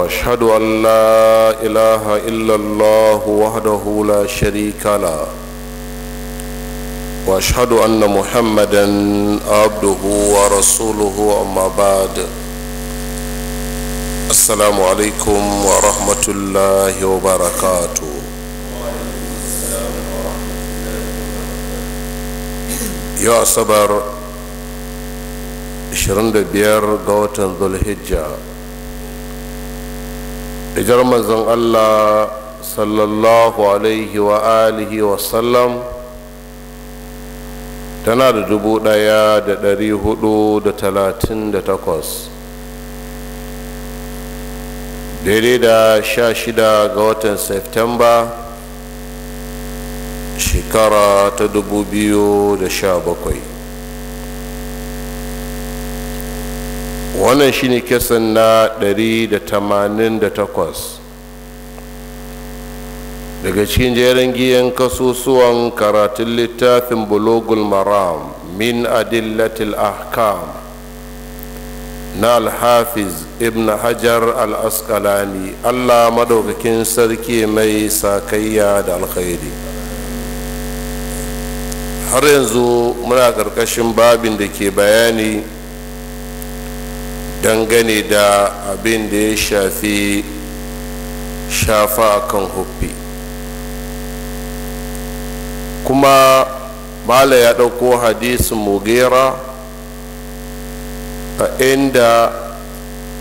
واشهد ان لا اله الا الله وحده لا شريك له واشهد ان محمدا عبده ورسوله اما بعد السلام عليكم ورحمه الله وبركاته يا صبر 25 ga watan zulhijja ijar manzon allah sallallahu alaihi wa alihi wa sallam tana da dubu daya da dari hudu da talatin da takwas daidai da sha shida ga watan septemba shekara ta dubu biyu da sha bakwai wannan shine kisan na 188 daga cikin jerin giyan kasusuwan karatun littafin bulogul maram min adillatil ahkam na alhafiz ibn hajar al-asqalani allah madaukakin sarki mai sakayya da alkhairi har yanzu muna karkashin babin da ke bayani dangane da abin da ya shafi shafa akan huffi kuma mala ya ɗauko hadisin mugera a inda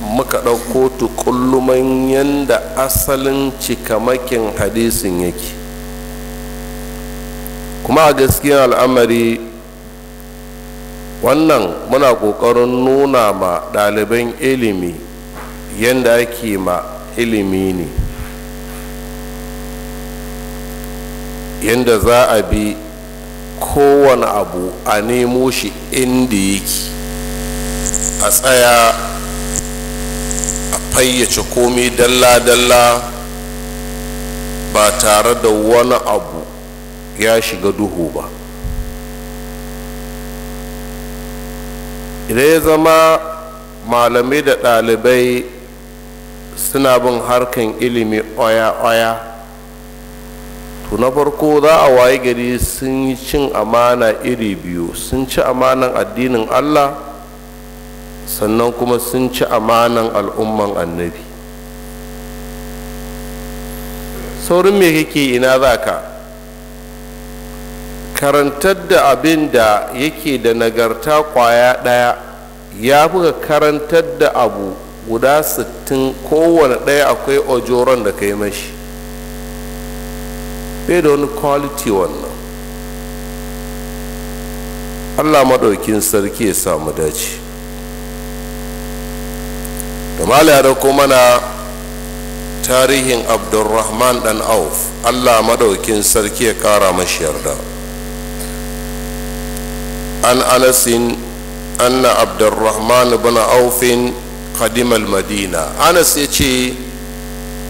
muka ɗauko tukulluman yanda asalin cikamakin hadisin yake kuma a gaskiyar al'amari wannan muna ƙoƙarin nuna ma ɗaliban ilimi yadda ake ma ilimi ne yadda za a bi kowane abu a nemo shi inda yake a tsaya a fayyace komai dalla-dalla ba tare da wani abu ya shiga duhu ba idan ya zama malamai da ɗalibai suna bin harkan ilimi oya-oya to na farko za a waye gari sun yi cin amana iri biyu sun ci amanan addinin allah sannan kuma sun ci amanan al'umman annabi saurin me kake ina za ka karantar da abin da yake da nagarta kwaya ɗaya ya buga karantar da abu guda sittin kowane ɗaya akwai ojoron da ka yi mashi bai da wani quality wannan allah maɗaukin sarki ya samu dace da mala da kuma na tarihin abdulrahman dan auf allah maɗaukin sarki ya ƙara mashi yarda an anasin anna abdurrahman bin aufin khadimal madina anas ya ce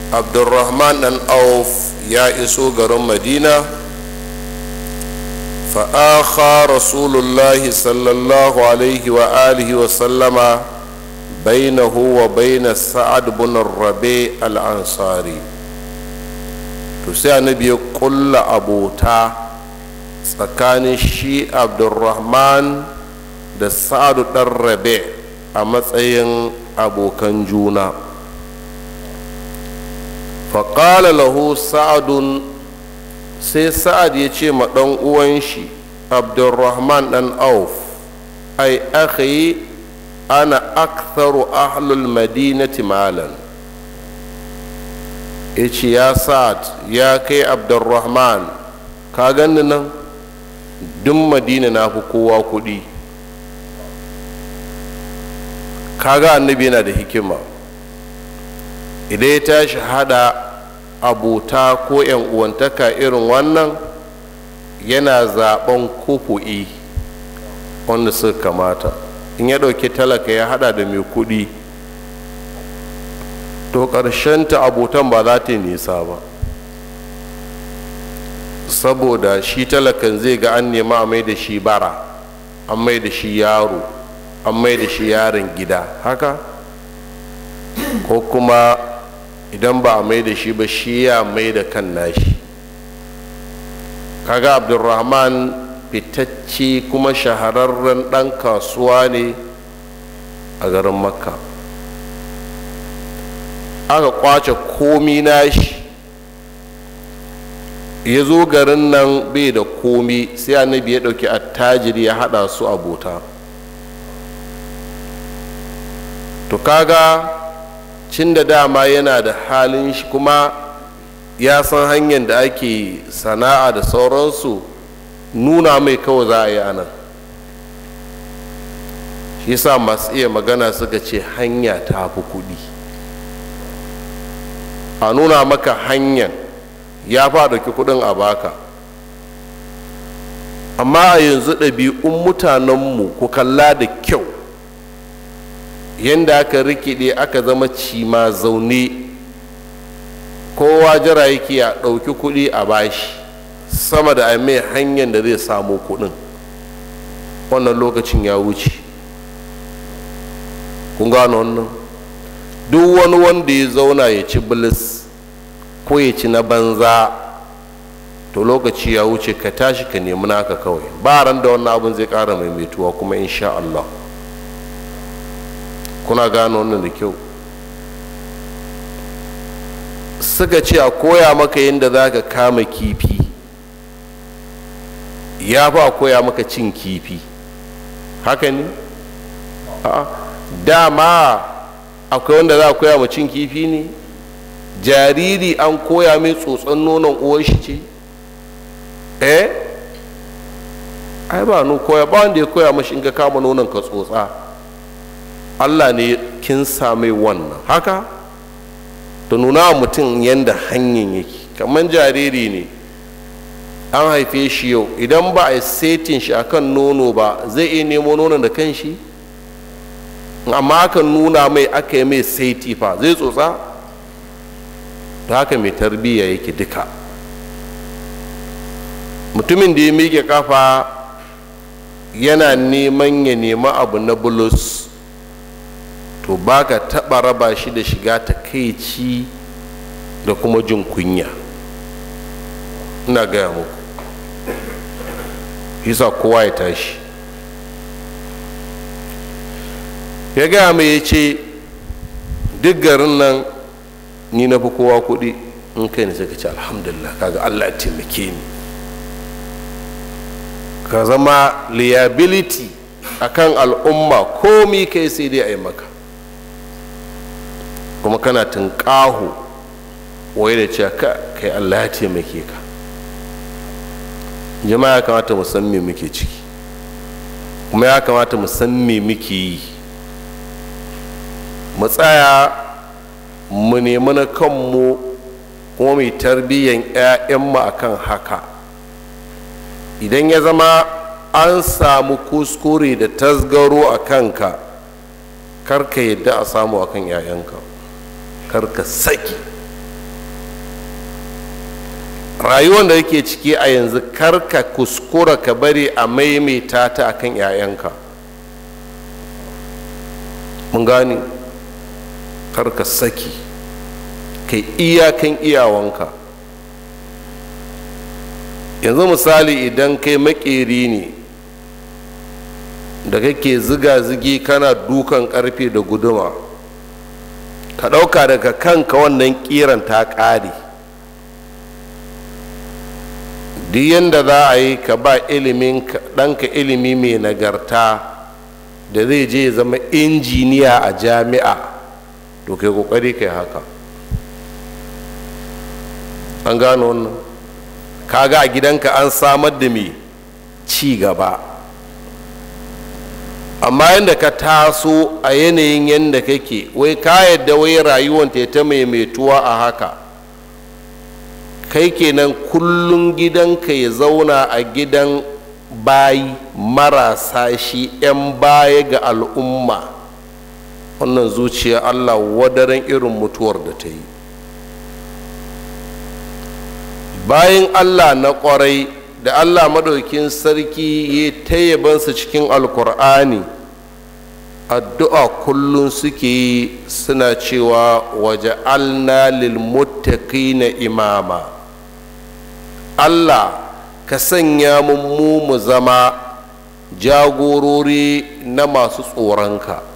abdurrahman dan auf ya iso garin madina fa'akha rasulullahi sallallahu alaihi wa alihi wa sallama bainahu wa baina sa'ad bin rabe al'ansari to sai annabi ya kulla abota tsakanin shi abdurrahman da sa'adu ɗan rabe a matsayin abokan juna faƙala lahu sa'adun sai sa'ad ya ce ma ɗan uwan shi abdurrahman ɗan auf ai yi ana aktharu ahlul madinati malan ya ce ya sa'ad ya kai abdurrahman ka gani nan duk madina na fi kowa kuɗi kaga annabi yana da hikima idan ya tashi hada abota ko 'yan uwantaka irin wannan yana zaben kufu'i wanda suka kamata in ya ɗauki talaka ya hada da mai kuɗi to ta abotan ba za ta yi nisa ba saboda shi talakan zai ga an nema a mai da shi bara an mai da shi yaro an mai da shi yaron gida haka ko kuma idan ba a mai da shi ba shi ya mai da kan nashi kaga abdulrahman fitacce kuma shahararren ɗan kasuwa ne a garin makka aka kwace komi nashi ya zo garin nan bai da komi sai annabi ya ɗauki attajiri ya haɗa su a bota to kaga cin da dama yana da halin shi kuma ya san hanyar da ake sana'a da sauransu nuna mai kawai za a yi anan shi sa masu iya magana suka ce hanya ta fi kuɗi a nuna maka hanyar ya fa kuɗin a baka amma a yanzu ɗabi'un mutanenmu ku kalla da kyau yadda aka rikide aka zama cima zaune kowa jira yake a ɗauki kuɗi a bashi sama da mai hanyar da zai samu kuɗin wannan lokacin ya wuce kun gano wannan duk wani wanda ya zauna ya ci bilis ko ya ci na banza to lokaci ya wuce ka tashi ka nemi naka kawai ba ran da wannan abin zai kara maimaituwa kuma insha Allah kuna gano wannan da kyau suka ce a koya maka yadda za ka kama kifi ya fi a koya maka cin kifi haka ne dama akwai wanda za a koya ma cin kifi ne jariri an koya mai tsotson nonon uwan shi ce eh ai ba nu koya ba wanda ya koya mashi in ka kama nonon ka tsotsa allah ne kin same wannan haka ta nuna mutum yadda hanyar yake kamar jariri ne an haife shi yau idan ba a yi setin shi akan nono ba zai iya nemo nonon da kan shi amma aka nuna mai aka yi mai seti fa zai tsotsa ta haka mai tarbiyya yake duka mutumin da ya miƙe kafa yana neman ya nema abu na bulus to baka ka taɓa raba shi da shiga takaici da kuma jin kunya ina gaya muku yasa kowa ya tashi ya gaya mai ya ce duk garin nan ni na fi kowa kuɗi in kai ne sai ka ce alhamdulillah kaga allah taimake ni ka zama liability kan al'umma komi kai sai dai a yi maka kuma kana tunƙaho waye da cewa ka kai allah ya taimake ka jama'a ya kamata mu san me muke ciki kuma ya kamata mu san me muke yi mu tsaya mu nemi na kanmu kuma mai tarbiyyan 'ya'yanmu a kan haka idan ya zama an samu kuskure da tasgaro a kanka karka yadda a samu a kan 'ya'yanka karka saki rayuwar da yake ciki a yanzu karka kuskura ka bari a maimaita ta a kan 'ya'yanka mun gane karka saki kai iyakan iyawanka yanzu misali idan kai makeri ne da kake ziga-zigi kana dukan karfe da guduma ka ɗauka daga kanka wannan kiran ta ƙare duk yadda za a yi ka ba ilimin ɗanka ilimi mai nagarta da zai je zama injiniya a jami'a to kokari kai haka an gano wannan kaga a gidanka an samar da me ci gaba amma yadda ka taso a yanayin yadda kake wai ka yadda wai rayuwan ta ta maimaituwa a haka kai kenan kullum gidanka ya zauna a gidan bayi marasa shi 'yan baya ga al'umma wannan zuciya allah wadaren irin mutuwar da ta yi bayan allah na kwarai da allah madaukin sarki ya yabansa cikin alkur'ani addu'a kullum suke yi suna cewa waje alna na imama allah ka sanya mu mu zama jagorori na masu tsoronka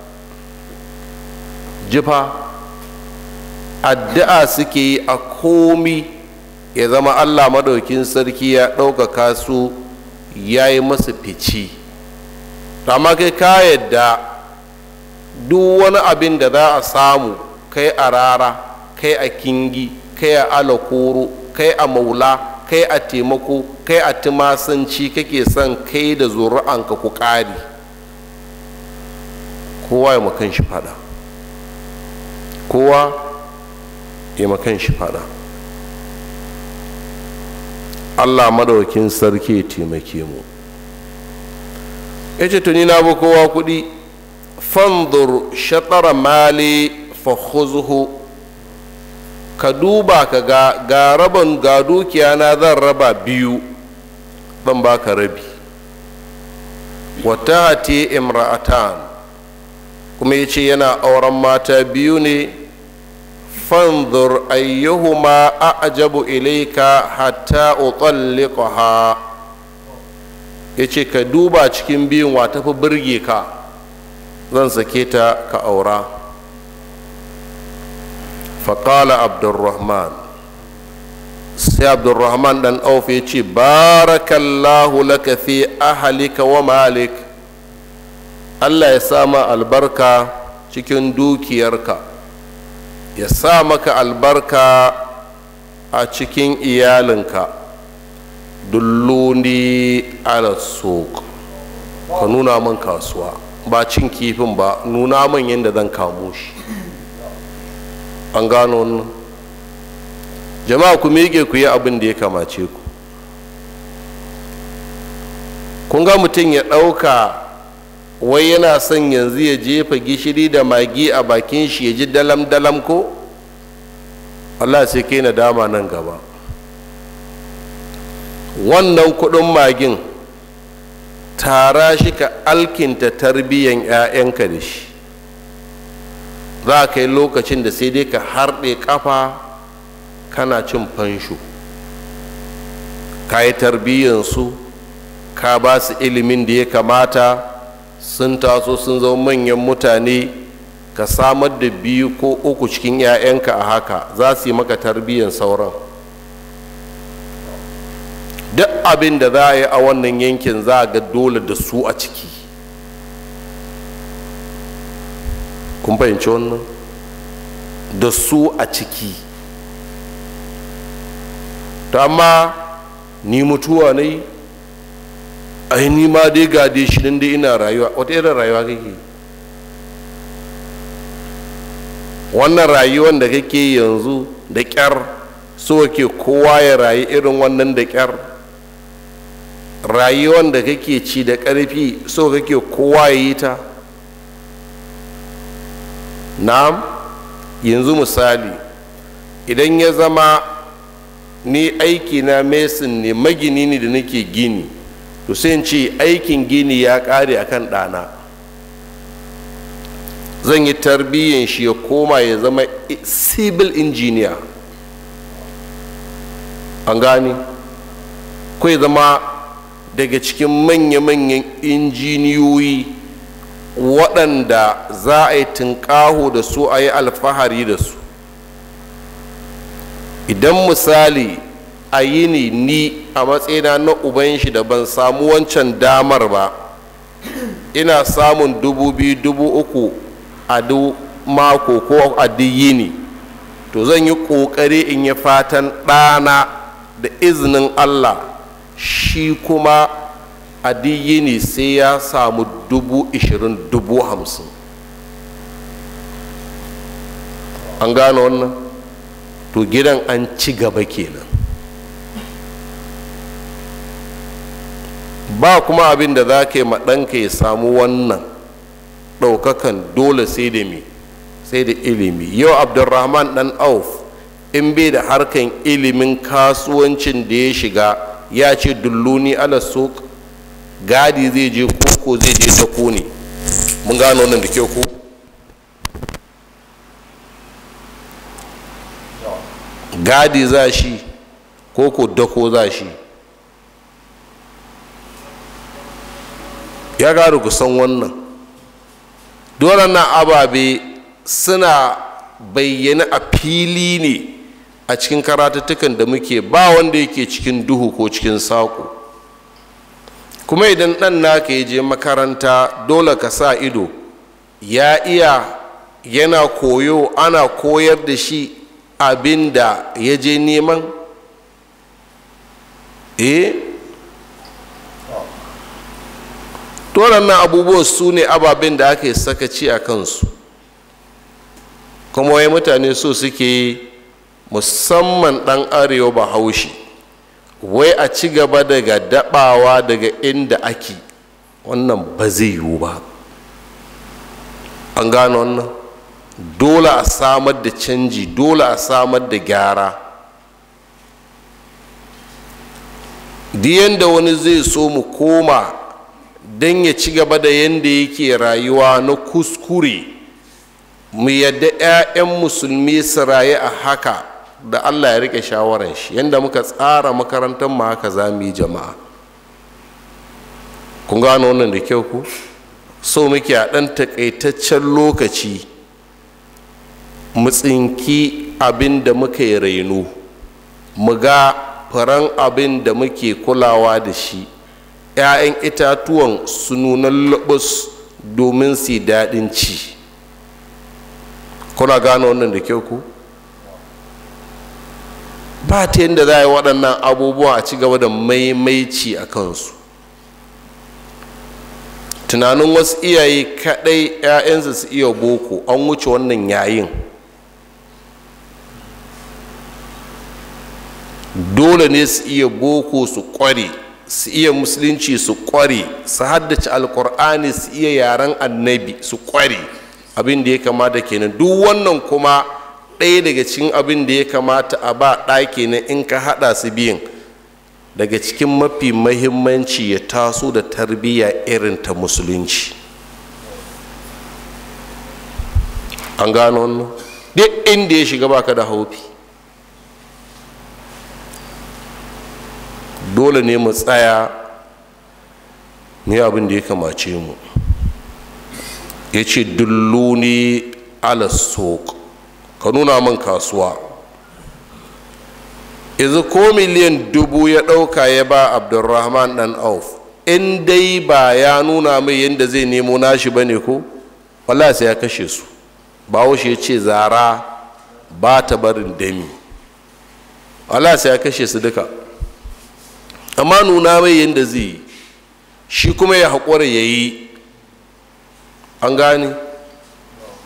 jifa addu'a suke yi a komi ya zama allah maɗaukin sarki ya ɗaukaka su ya yi masu fici amma kai ka yadda duk wani abin da za a samu kai a rara kai a kingi kai a alakoro kai a maula kai a taimako kai a tumasanci kake son kai da zuri'anka ku ƙari kowa ya makan shi fada kowa ya makan shi fada allah madaukin sarki ya taimake mu ya ce tuni na bi kowa kuɗi fanzur shatara mali fahuzuhu ka duba ka ga ga rabin ga dukiya na zan raba biyu ban baka rabi wata hati imra'atan kuma ya ce yana auren mata biyu ne fanzur ayyuhuma a ajabu ilaika hatta utsalliqaha ya ce ka duba cikin biyun wa tafi birge ka zan sake ta ka aura faƙala abdurrahman sai abdurrahman ɗan auf ya ce barakallahu laka fi ahalika wa malik allah ya sama albarka cikin dukiyarka ya sa maka albarka a cikin iyalinka dulluni ala suk ka nuna man kasuwa ba cin kifin ba nuna man yadda zan kamo shi an gano wannan jama'a ku mege ku yi abin da ya kamace ku kun ga mutum ya ɗauka wai yana son yanzu ya jefa gishiri da magi a bakin shi ya ji dalam-dalam ko allah sai kai na dama nan gaba wannan kudin magin tara shi ka alkinta tarbiyyan 'ya'yanka da shi za ka yi lokacin da sai dai ka harɗe kafa kana cin fansho ka yi tarbiyyansu ka ba su ilimin da ya kamata sun taso sun zama manyan mutane ka samar da biyu ko uku cikin 'ya'yanka a haka za su yi maka tarbiyyar sauran duk abin da za a yi a wannan yankin za a ga dole da su a ciki kun fahimci wannan da su a ciki ta amma ni mutuwa ne ai ni ma dai ga dai shi nan dai ina rayuwa wata irin rayuwa kake wannan rayuwan da kake yanzu da kyar so ke kowa ya rayu irin wannan da kyar rayuwan da kake ci da karfi so kake kowa ya yi ta na'am yanzu misali idan ya zama ni aiki na mesin ne magini ne da nake gini to sai ce aikin gini ya ƙare kan ɗana zan yi tarbiyyan shi ya koma ya zama civil engineer an gani kai zama daga cikin manya-manyan injiniyoyi waɗanda za a yi tunƙaho da su a yi alfahari da su idan misali a yi ni ni a matsayina na uban shi da ban samu wancan damar ba ina samun dubu biyu dubu uku a duk mako ko a duk yini to zan yi ƙoƙari in yi fatan ɗana da izinin allah shi kuma a duk yini sai ya samu dubu ishirin dubu hamsin an gano wannan to gidan an ci gaba kenan ba kuma abin da za ka yi ɗanka ya samu wannan ɗaukakan dole sai da mi sai da ilimi yau abdulrahman ɗan auf in bai da harkan ilimin kasuwancin da ya shiga ya ce dulluni ala suq gadi zai je koko zai je ta ne mun gano nan da ke ko gadi za shi koko dako za shi ya ga kusan wannan na ababe suna bayyana a fili ne a cikin karatattukan da muke ba wanda yake cikin duhu ko cikin saƙo kuma idan ɗan naka ya je makaranta dole ka sa ido ya iya yana koyo ana koyar da shi abin da ya je neman eh waɗannan abubuwa su ne ababen da aka yi sakaci a kansu kuma wai mutane so suke yi musamman ɗan arewa ba haushi wai a ci gaba daga daɓawa daga inda ake wannan ba zai yiwu ba an gano wannan dole a samar da canji dole a samar da gyara diyan da wani zai so mu koma don ya ci gaba da yadda yake rayuwa na kuskure mu yadda 'ya'yan musulmi su rayu a haka da allah ya rike shawaran shi yadda muka tsara makarantar mu haka za mu yi jama'a kun gano wannan da kyau ku so muke a ɗan takaitaccen lokaci mu tsinki abin da muka yi raino mu ga faran abin da muke kulawa da shi 'ya'yan itatuwan su nuna domin su daɗin ci kuna gane wannan da kyau ku ba ta yadda za a yi waɗannan abubuwa a ci gaba da maimaici a kansu tunanin wasu iyaye kaɗai 'ya'yansu su iya boko an wuce wannan yayin dole ne su iya boko su ƙware su iya musulunci su kware su haddace alkur'ani su iya yaren annabi su kware abin da ya kamata kenan duk wannan kuma ɗaya daga cikin abin da ya kamata a ba ɗaki na in ka haɗa su biyan daga cikin mafi mahimmanci ya taso da tarbiyya irin ta musulunci an gano wannan duk inda ya shiga baka da haufi dole ne mu tsaya mu yi abin da ya kamace mu ya ce dulluni ala sok ka nuna min kasuwa yanzu ko miliyan dubu ya ɗauka ya ba abdulrahman dan auf in dai ba ya nuna mai yadda zai nemo nashi ba ne ko wallah ya kashe su bawo shi ya ce zara ba ta barin dami wallah sai ya kashe su duka amma nuna mai yadda zai yi shi kuma ya haƙura ya yi an gane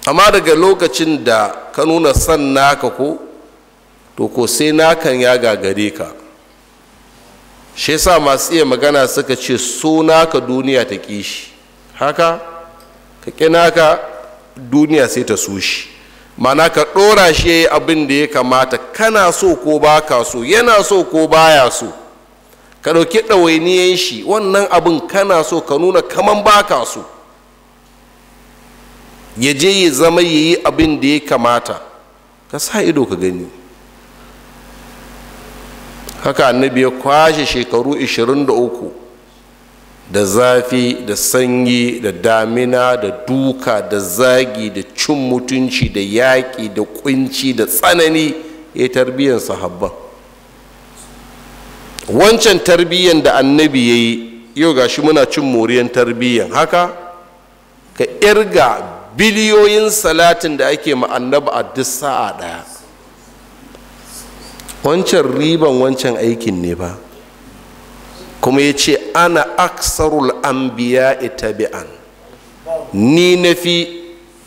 amma daga lokacin da ka nuna san naka ko to ko sai nakan ya gagare ka shi sa masu iya magana suka ce so naka duniya ta ƙi shi haka ka ƙi naka duniya sai ta so shi mana ka ɗora shi ya yi abin da ya kamata kana so ko ba ka so yana so ko baya so ka ɗauki ɗawainiyan shi wannan abin kana so ka nuna kaman baka so ya je ya zama ya yi abin da ya kamata ka sa ido ka gani haka annabi ya kwashe shekaru 23 da zafi da sanyi da damina da duka da zagi da cin mutunci da yaƙi da kunci da tsanani ya tarbiyyar sahabban wancan tarbiyyan da annabi ya yi yau ga shi muna cin moriyan tarbiyyan haka ka irga biliyoyin salatin da ake ma'annaba a duk sa'a ɗaya wancan riban wancan aikin ne ba kuma ya ce ana aksarul anbiya itabi'an ni na fi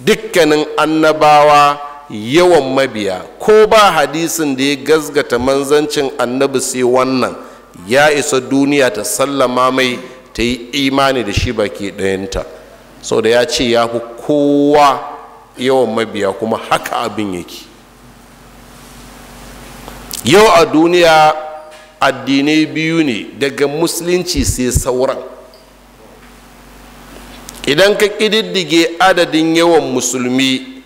dukkanin annabawa yawan mabiya ko ba hadisin da ya gazgata manzancin annabi sai wannan ya isa duniya ta sallama mai ta yi imani da shi baki ɗayanta sau da ya ce ya fi kowa yawan mabiya kuma haka abin yake yau a duniya addinai biyu ne daga musulunci sai sauran idan ka ƙididdige adadin yawan musulmi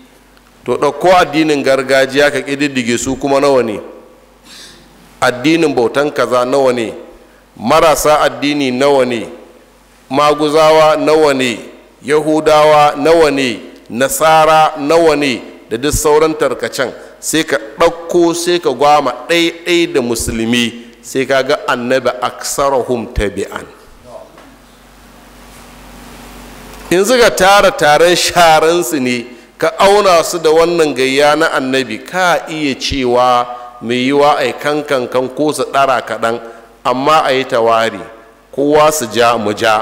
to ɗauko addinin gargajiya ka kididdige su kuma nawa ne addinin bautan kaza nawa ne marasa addini nawa ne maguzawa nawa ne yahudawa nawa ne nasara nawa ne da duk sauran tarkacen sai ka ɗauko sai ka gwama ɗaiɗai da musulmi sai ka ga annabi aksarahum tabi'an in suka tara taron sharansu ne ka auna su da wannan gayya na annabi ka iya cewa mai yiwa a yi kankankan ko su ɗara kaɗan amma a yi tawari kowa su ja mu ja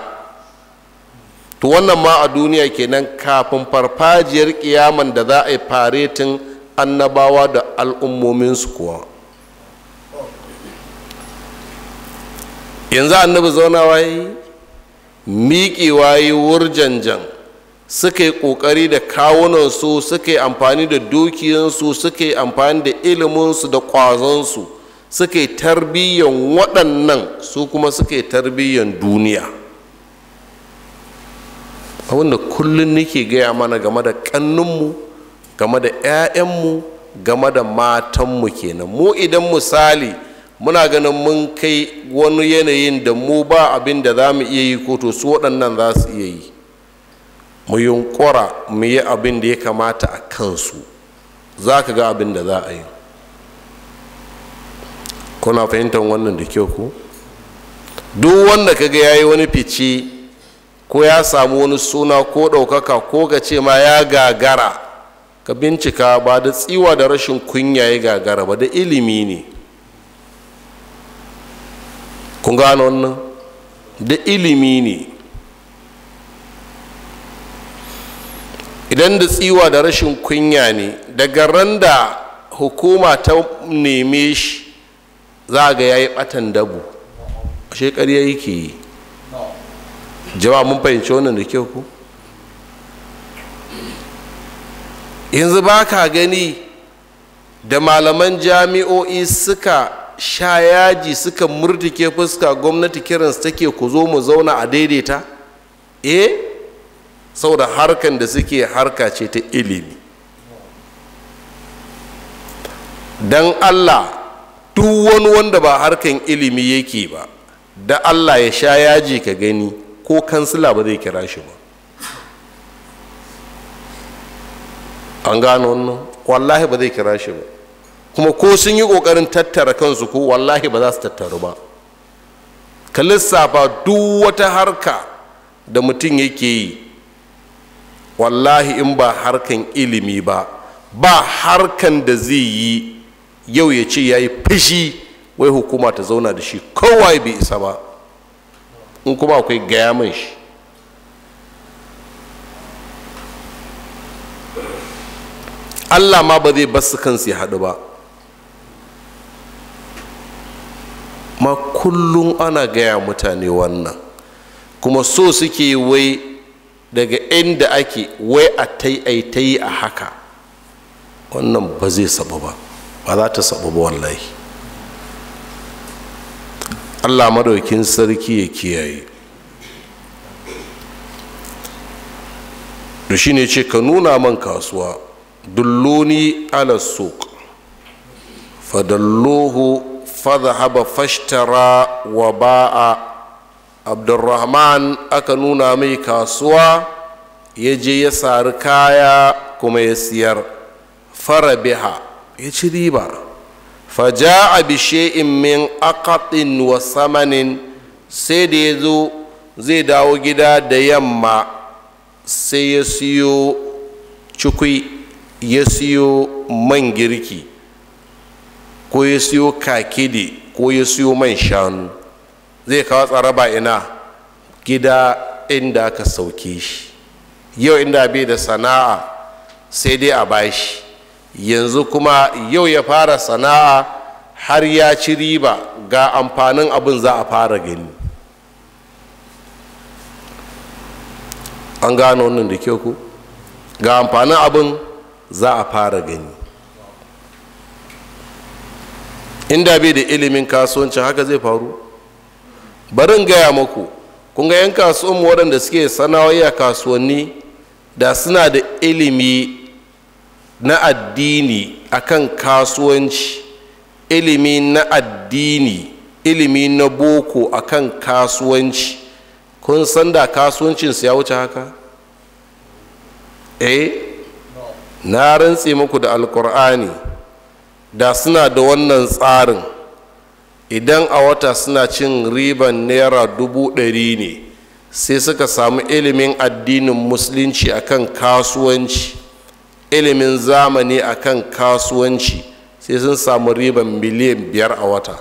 to wannan ma a duniya kenan kafin farfajiyar ƙiyaman da za a yi faretin annabawa da al'ummominsu kuwa yanzu annabi zauna yi miƙewa yi wurjanjan suka yi ƙoƙari da kawunansu suka yi amfani da dukiyansu suka yi amfani da iliminsu da ƙwazonsu suka yi tarbiyyan waɗannan su kuma suka yi tarbiyyan duniya abinda kullum nake gaya mana game da ƙannunmu game da 'ya'yanmu game da matanmu kenan mu idan misali muna ganin mun kai wani yanayin da mu ba abin da za mu iya yi ko to su waɗannan za su iya yi mu yunkura mu yi abin da ya kamata a kansu za ka ga abin da za a yi kuna fahimtar wannan da kyau ku duk wanda kaga ya yi wani fice ko ya samu wani suna ko ɗaukaka ko ka ce ma ya gagara ka bincika ba da tsiwa da rashin kunya ya gagara ba da ilimi ne kun gano wannan da ilimi ne idan da tsiwa da rashin kunya ne daga ran da hukuma ta neme shi za ga ya yi ɓatan dabu shekari ya yake yi jama'a mun fahimci wannan da kyau ku yanzu ba ka gani da malaman jami'o'i suka sha yaji suka murtuke fuska gwamnati kiransu take ku zo mu zauna a daidaita eh saboda harkan da suke harka ce ta ilimi don allah duk wani wanda ba harkan ilimi yake ba da allah ya sha yaji ka gani ko kansila ba zai kira shi ba an gano wannan wallahi ba zai kira shi ba kuma ko sun yi ƙoƙarin tattara kansu ko wallahi ba za su tattaru ba ka lissafa duk wata harka da mutum yake yi wallahi in ba harkan ilimi ba ba harkan da zai yi yau ya ce ya yi fashi wai hukuma ta zauna da shi kowa bai isa ba in kuma akwai gaya man shi allah ma ba zai basu kansu ya haɗu ba ma kullum ana gaya mutane wannan kuma so suke wai daga inda ake wai a tai a haka wannan ba zai sabu ba ba za ta sabu ba wallahi allah madaukin sarki ya kiyaye da shi ne ce ka nuna man kasuwa dulloni ala suq fadallohu fadhaba fashtara wa ba'a abdurrahman aka nuna mai kasuwa ya je ya sari kaya kuma ya siyar fara biha ya ci riba faja a bishe'in min akaɗin wa samanin sai da ya zo zai dawo gida da yamma sai ya siyo cikui ya siyo man girki ko ya siyo kakidi ko ya siyo man shanu zai kawo tsaraba ina gida inda aka sauke shi yau inda bai da sana'a sai dai a bashi yanzu kuma yau ya fara sana'a har ya ci riba ga amfanin abin za a fara gani an gano wannan da kyau ku ga amfanin abin za a fara gani inda bai da ilimin kasuwanci haka zai faru barin gaya maku kun ga 'yan kasuwanmu waɗanda suke sana'o'i kasuwanni da suna da ilimi na addini akan kasuwanci ilimi na addini ilimi na boko akan kasuwanci kun san da kasuwancinsu ya wuce haka eh na rantse muku da alkur'ani da suna da wannan tsarin idan a wata suna cin riban naira dubu ɗari ne sai suka samu ilimin addinin musulunci akan kasuwanci ilimin zamani akan kasuwanci sai sun samu riban miliyan biyar a wata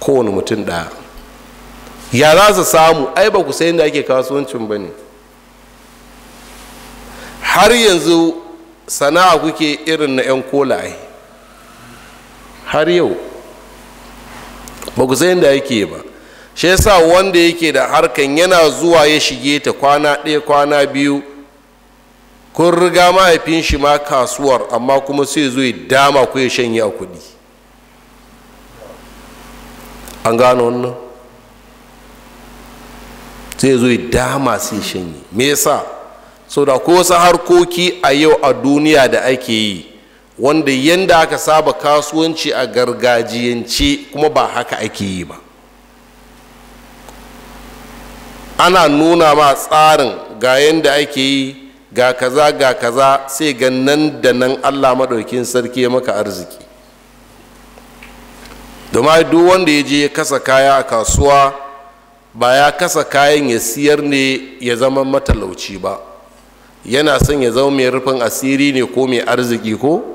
kowane mutum ɗaya ya za su samu ai ba ku sai da ake kasuwancin ba ne har yanzu sana'a kuke irin na 'yan kola har yau ba ku san yadda yake ba shi yasa wanda yake da harkan yana zuwa ya shige ta kwana ɗaya kwana biyu kun riga mahaifin shi ma kasuwar amma kuma sai zo ya dama ku ya shanye a kuɗi an gano wannan sai zo ya dama sai shanye me yasa sau da ko wasu harkoki a yau a duniya da ake yi wanda yanda aka saba kasuwanci a gargajiyance kuma ba haka ake yi ba ana nuna ma tsarin ga yanda ake yi ga kaza ga kaza sai ga nan da nan allah maɗaukin sarki ya maka arziki domin duk wanda ya je ya kasa kaya a kasuwa ba ya kasa kayan ya siyar ne ya zama matalauci ba yana son ya zama mai rufin asiri ne ko mai arziki ko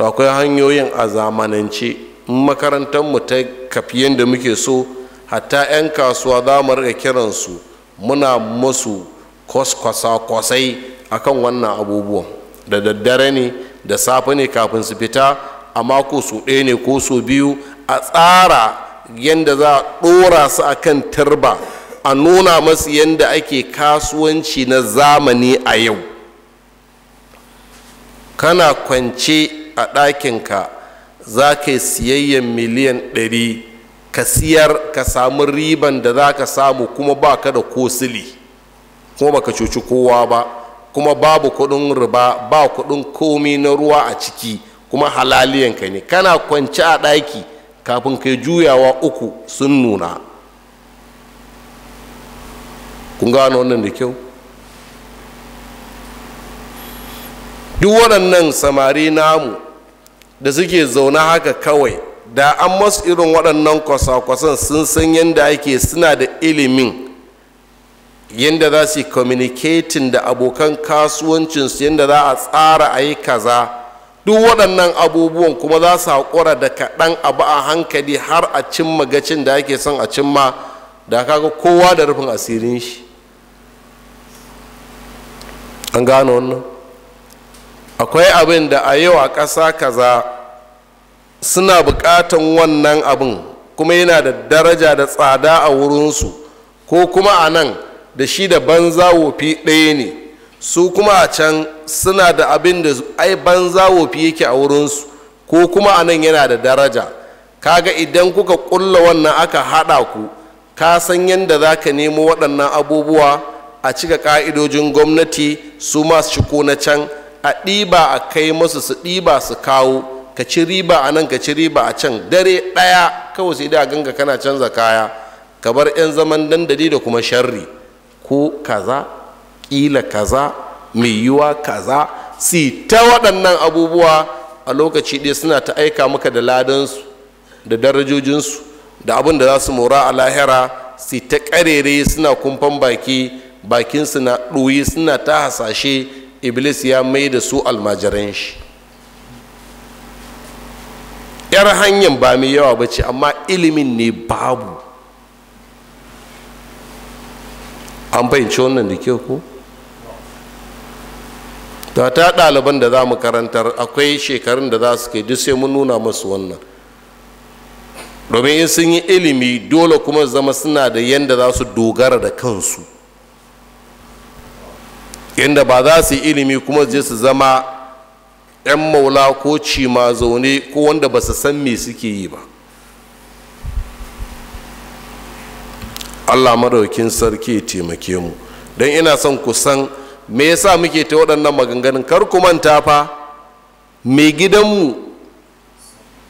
to akwai hanyoyin a zamanance makarantar mu ta kafi da muke so hatta 'yan kasuwa za mu rika kiransu muna musu kwasa-kwasai akan wannan abubuwan da daddare ne da safe ne kafin su fita a mako su ɗaya ne ko su biyu a tsara yadda za a ɗora su a kan turba a nuna masu yadda ake kasuwanci na zamani a yau kana kwance a ɗakinka za ka yi siyayyen miliyan ɗari ka siyar ka samu riban da za ka samu kuma ba ka da kosili kuma ka cuci kowa ba kuma babu kuɗin riba ba kuɗin komi na ruwa a ciki kuma halaliyanka ne kana kwance a ɗaki kafin kai juyawa uku sun nuna kun gano wannan da kyau duk waɗannan samari namu da suke zaune haka kawai da an masu irin waɗannan kwasa-kwasan sun san yadda ake suna da ilimin yadda za su yi communicating da abokan kasuwancinsu yadda za a tsara a yi kaza duk waɗannan abubuwan kuma za su haƙura da kaɗan abu a hankali har a cimma gacin da ake son a cimma da kaga kowa da rufin asirin shi an gano wannan akwai abin da a yau a ƙasa kaza suna buƙatan wannan abin kuma yana da daraja da tsada a wurinsu ko kuma a nan da shi da banza wofi ɗaya ne su kuma a can suna da abin da ai banza wofi yake a wurinsu ko kuma a nan yana da daraja kaga idan kuka ƙulla wannan aka haɗa ku ka san yadda za ka nemo waɗannan abubuwa a cika ƙa'idojin gwamnati su masu shiko na can a ɗiba a kai musu su ɗiba su kawo ka ci riba a nan ka ci riba a can dare ɗaya kawai sai da ganga kana canza kaya ka bar 'yan zaman dandali da kuma sharri ko kaza ƙila kaza mai yiwa kaza si ta waɗannan abubuwa a lokaci ɗaya suna ta aika maka da ladansu da darajojinsu da abin da za su mora a lahira si ta ƙarere suna kumfan baki bakinsu na ɗoyi suna ta hasashe iblis ya mai da su almajiran shi yar hanyar ba mai yawa ba ce amma ilimin ne babu an fahimci wannan da ke ko ta ta ɗaliban da za mu karantar akwai shekarun da za su ke duk sai mun nuna masu wannan domin in sun yi ilimi dole kuma zama suna da yadda za su dogara da kansu inda ba za su yi ilimi kuma je su zama 'yan maula ko cima zaune ko wanda ba su san me suke yi ba allah maraukin sarki ya taimake mu don ina son ku san me yasa muke ta waɗannan maganganun kar ku manta fa mai gidanmu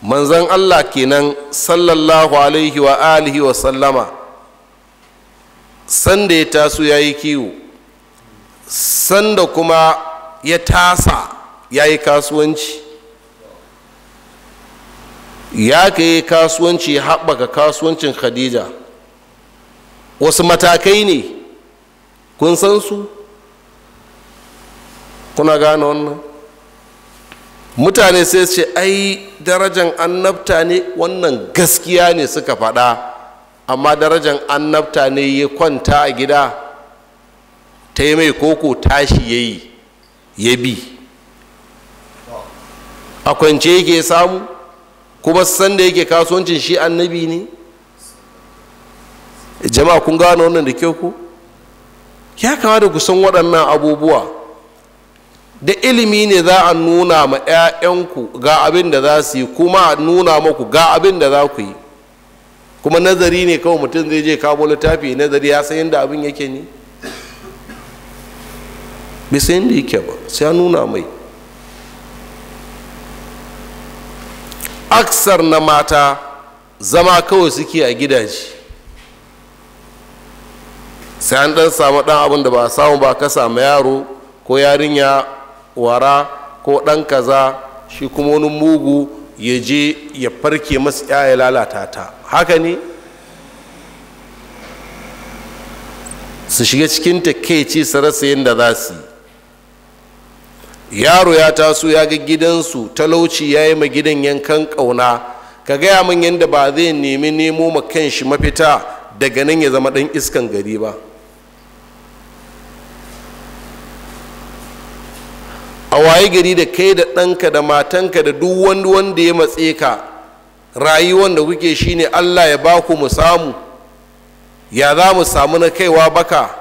manzan allah kenan sallallahu alaihi wa alihi wa sallama sanda ya taso ya yi kiwo sanda kuma ya tasa ya yi kasuwanci ya ka yi kasuwanci ya haɓaka kasuwancin khadija wasu matakai ne kun san su kuna gane wannan mutane sai ce ai darajan annabta ne wannan gaskiya ne suka faɗa amma darajan annabta ne ya kwanta a gida ta yi mai koko tashi ya yi ya bi a kwance yake samu kuma sanda yake kasuwancin shi annabi ne jama'a kun gano wannan da kyau ko ya kama ku san waɗannan abubuwa da ilimi ne za a nuna ma 'ya'yanku ga abin da za su yi kuma a nuna maku ga abin da za ku yi kuma nazari ne kawai mutum zai je kawo littafi nazari ya san yadda abin yake ne bisa yadda yake ba sai ya nuna mai aksar na mata zama kawai suke a gidaje sai an dan samu dan abin da ba samu ba ka samu yaro ko yarinya wara ko dan kaza shi kuma wani mugu ya je ya farke masu ya lalata ta haka ne su shiga cikin ce su rasa yadda za su yi yaro ya taso ya ga gidansu talauci ya yi ma gidan yankan ƙauna ka gaya min yadda ba zai nemi nemo ma shi mafita daga nan ya zama ɗan iskan gari ba a waye gari da kai da ɗanka da matanka da duk wani wanda ya matse ka rayuwan da kuke shine allah ya baku mu samu ya za mu samu na kaiwa baka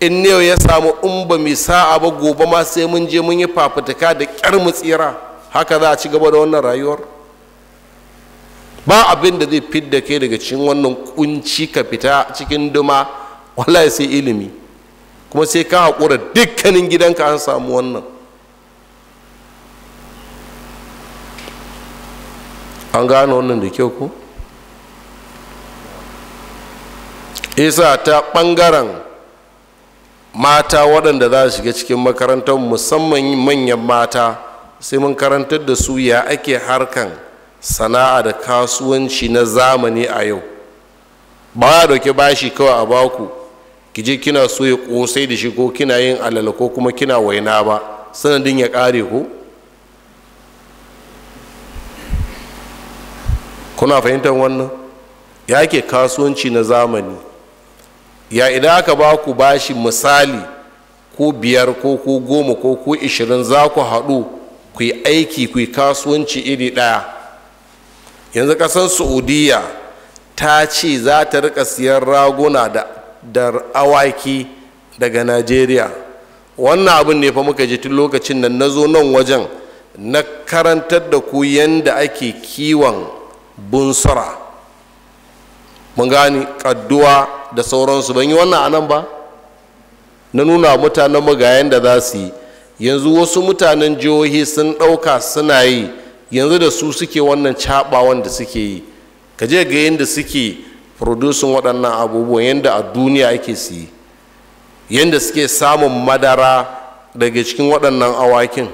in ne ya samu in ba sa'a ba gobe ma sai mun je mun yi fafutuka da kyar mu tsira haka za a ci gaba da wannan rayuwar ba abin da zai fidda kai daga cikin wannan kunci ka fita cikin duma wallahi sai ilimi kuma sai ka haƙura dukkanin gidanka an samu wannan an gane wannan da kyau ko isa ta ɓangaren mata waɗanda za su shiga cikin makarantar musamman manyan mata sai mun karantar da su ya ake harkan sana'a da kasuwanci na zamani a yau ba dauke bashi kawai a baku ki kina so ya kosai da shi ko kina yin alala ko kuma kina waina ba sanadin ya kare ku kuna fahimtar wannan ya ke kasuwanci na zamani ya idan aka ba ku bashi misali ko biyar ko ko goma ko ko ishirin za ku haɗu ku yi aiki ku yi kasuwanci iri ɗaya yanzu ƙasar saudiya ta ce za ta rika siyan raguna da, da awaki daga najeriya wannan abin ne fa muka ji tun lokacin nan na zo nan wajen na karantar da ku yadda ake kiwon bunsura mun gani kadduwa da sauransu ban yi wannan anan ba na nuna mutanen magayen da za su yi yanzu wasu mutanen jihohi sun ɗauka suna yi yanzu da su suke wannan caɓawan da suke yi ka je ga yadda suke producing waɗannan abubuwan yadda a duniya ake su yi yadda suke samun madara daga cikin waɗannan awakin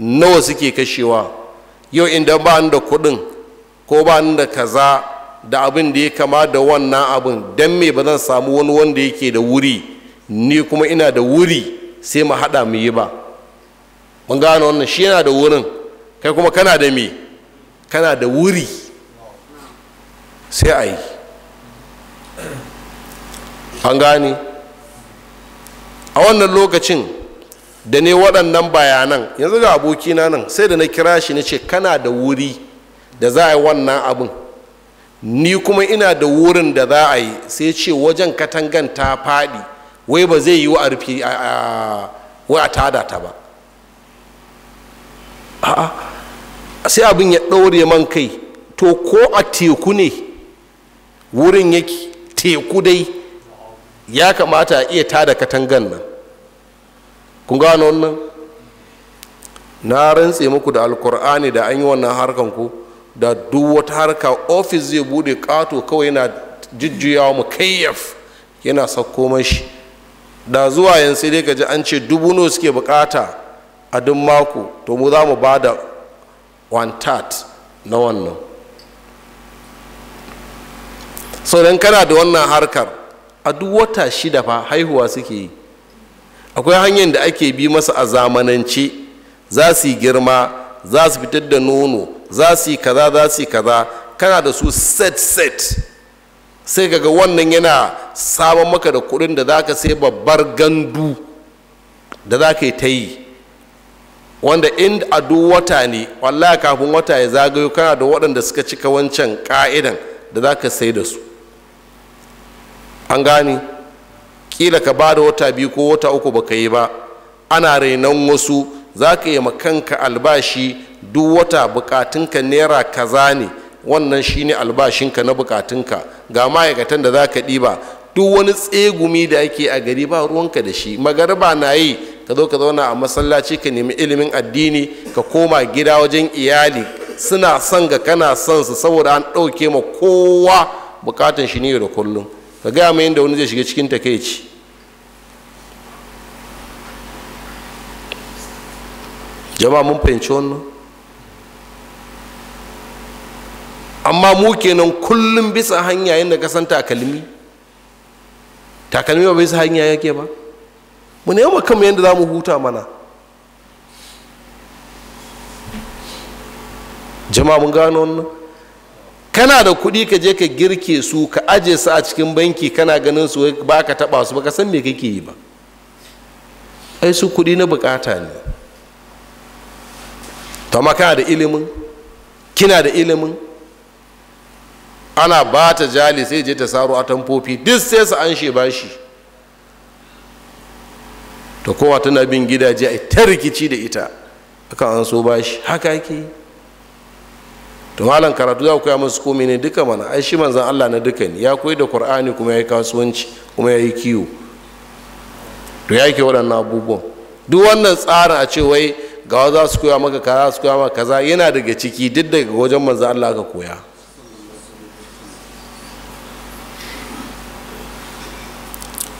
nawa suke kashewa yau inda ba da kuɗin ko ba da kaza da abin da ya kama da wannan abin don me ba zan samu wani wanda yake da wuri ni kuma ina da wuri sai mu haɗa mu yi ba mun gane wannan shi yana da wurin kai kuma kana da me kana da wuri sai a yi an gane a wannan lokacin da ne waɗannan bayanan yanzu ga abokina nan sai da na kira shi na ce kana da wuri da za a yi wannan abin ni kuma ina da wurin da za a yi sai ce wajen katangan ta faɗi wai ba zai yi wa a wai a tada ta ba sai abin ya ɗaure man kai to ko a teku ne wurin yake teku dai ya kamata a iya tada katangan nan kun gano wannan na rantse muku da alkur'ani da an yi wannan harkan ku da duk wata harka ofis zai bude kato kawai yana jujjuyawa mu kayyaf yana sauko mashi da zuwa yanzu sai dai ka ji an ce dubu nawa suke bukata a duk mako to mu za mu ba da one na wannan sau don kana da wannan harkar a duk wata shida fa haihuwa suke yi akwai hanyar da ake bi masa a zamanance za su yi girma za su fitar da nono za su yi kaza za su yi kaza kana da su set set sai kaga wannan yana samun maka da kuɗin da za ka sai babbar gandu da za ka yi ta yi wanda in a duk wata ne wallahi kafin wata ya zagayo kana da waɗanda suka cika wancan ƙa'idan da za ka sai da su an gane kila ka ba da wata biyu ko wata uku baka yi ba ana rainon wasu za ka yi makanka albashi duk wata bukatunka naira kaza ne wannan shi shine albashinka na bukatunka ga ma'aikatan da za ka ɗiba duk wani tsegumi da ake a gari ba ruwanka da shi magarba na yi ka zo ka zauna a masallaci ka nemi ilimin addini ka koma gida wajen iyali suna son ga kana son su saboda an ɗauke ma kowa bukatun shi ne da kullum ka gaya mai yadda wani zai shiga cikin takeici jama mun fahimci wannan amma mu kenan kullum bisa hanya yadda ka san takalmi takalmi ba bisa hanya yake ba mu ne nema kanmu yadda za mu huta mana jama mun gano wannan kana da kuɗi ka je ka girke su ka aje su a cikin banki kana ganin su ba ka taɓa su ba ka san me kake yi ba ai su kuɗi na bukata ne to amma kana da ilimin kina da ilimin ana ba ta jali sai je ta saro a tamfofi duk sai su an shi bashi ta kowa tana bin gidaje a ta rikici da ita akan an so bashi haka ke to malam karatu za ku koya musu komai ne duka mana ai shi manzan Allah na duka ne ya koyi da Qur'ani kuma ya yi kasuwanci kuma ya yi kiwo to ya ke waɗannan abubuwan duk wannan tsarin a ce wai gawa za su koya maka kaza su koya maka kaza yana daga ciki duk daga wajen manzo Allah ka koya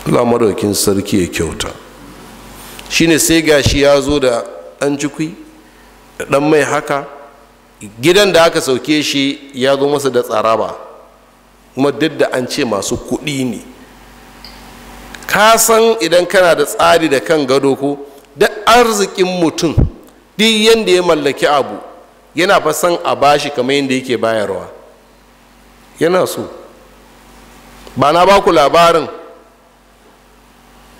Allah madaukin sarki ya kyauta shine sai gashi ya zo da dan jikwi da dan mai haka gidan da aka sauke shi ya zo masa da tsaraba kuma duk da an ce masu kuɗi ne ka san idan kana da tsari da kan gado ko da arzikin mutum duk yadda ya mallaki abu yana fa san a bashi kamar yadda yake bayarwa yana so ba na ba ku labarin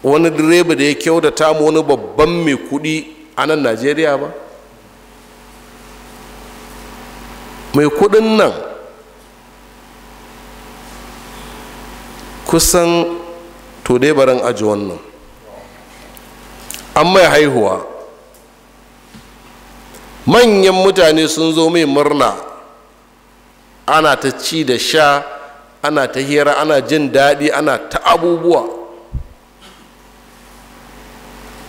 wani direba da ya kyautata mu wani babban mai kudi a nan najeriya ba mai kudin nan kusan to dai barin aji wannan an mai haihuwa manyan mutane sun zo mai murna ana ta ci da sha ana ta hira ana jin daɗi ana ta abubuwa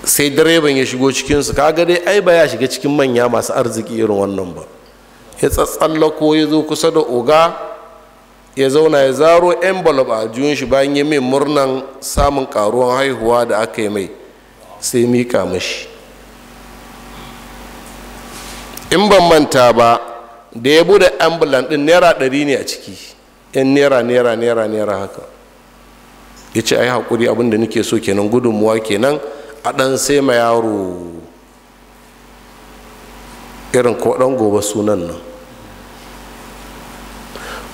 sai direban ya shigo cikinsu kaga dai ai ba ya shiga cikin manya masu arziki irin wannan ba ya tsatsallako ya zo kusa da oga ya zauna ya zaro envelope a juyin shi bayan ya mai murnan samun karuwan haihuwa da aka yi mai sai mika mashi in ban manta ba da ya bude ambulan din naira ɗari ne a ciki yan naira naira naira naira haka ya ce yi haƙuri abin nake so kenan gudunmuwa kenan a ɗan sai ma yaro irin ko ɗan gobe sunan nan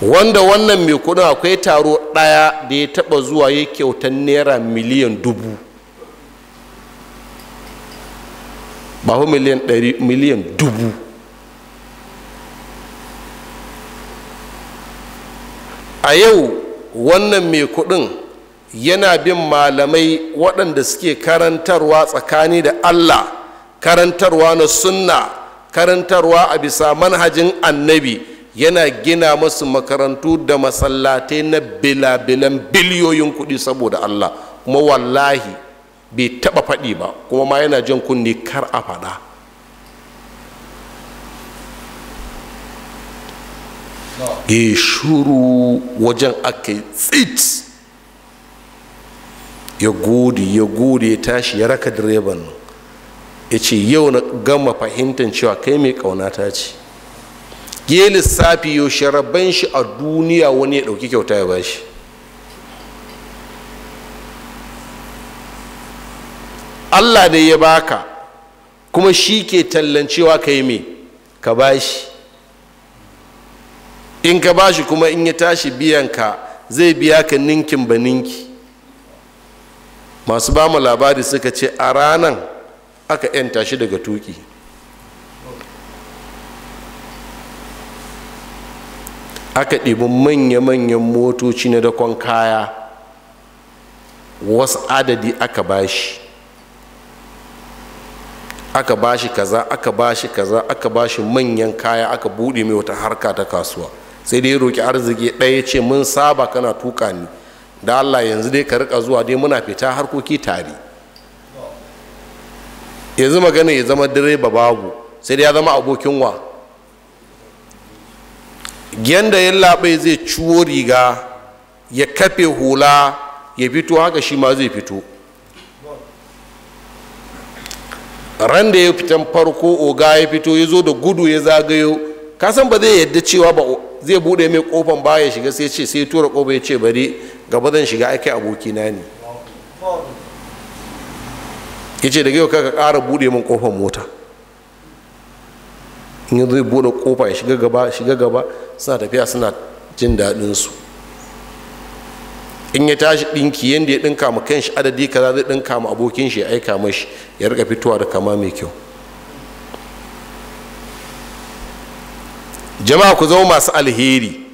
wanda wannan mai kudin akwai taro ɗaya da ya taɓa zuwa ya kyautan naira miliyan dubu ba hu miliyan ɗari miliyan dubu a yau wannan mai kuɗin yana bin malamai waɗanda suke karantarwa tsakani da allah karantarwa na sunna karantarwa a bisa manhajin annabi yana gina masu makarantu da masallatai na bilabilan biliyoyin kuɗi saboda allah kuma wallahi bai taba faɗi ba kuma ma yana jin kunne kar a faɗa ya shuru wajen aka tsit ya gode ya gode ya tashi ya raka direban nan ya ce yau na gama fahimtar cewa kai mai ta ce ya lissafi yau sharaban shi a duniya wani ya ɗauki kyauta ya bashi allah ne ya baka kuma shi ke tallancewa ka yi me ka bashi in ka bashi kuma in ya tashi biyan ka zai biya ka ninkin ba ninki masu ba mu labari suka ce a ranan aka yan tashi daga tuki aka ɗibi manya-manyan motoci na dakon kaya wasu adadi aka bashi aka bashi kaza aka bashi kaza aka bashi manyan kaya aka buɗe mai wata harka ta kasuwa sai dai roki arziki ɗaya ce mun saba kana tuka ni da Allah yanzu dai ka rika zuwa dai muna fita harkoki tare yanzu magana ya zama direba babu sai dai ya zama abokin wa yanda ya labai zai ciwo riga ya kafe hula ya fito haka shi ma zai fito ran da ya fitan farko oga ya fito ya zo da gudu ya zagayo kasan ba zai yadda cewa ba zai bude mai kofan ba ya shiga sai ce sai tura kofa ya ce bari gaba zan shiga ake abokina ne ya ce daga yau kaka ƙara bude min kofan mota in zai bude kofa ya shiga gaba shiga gaba suna tafiya suna jin daɗin su. in ya tashi ɗinki yadda ya ɗinka ma shi adadi kaza zai ɗinka ma abokin shi ya aika mashi ya rika fitowa da kama mai kyau jama'a ku zama masu alheri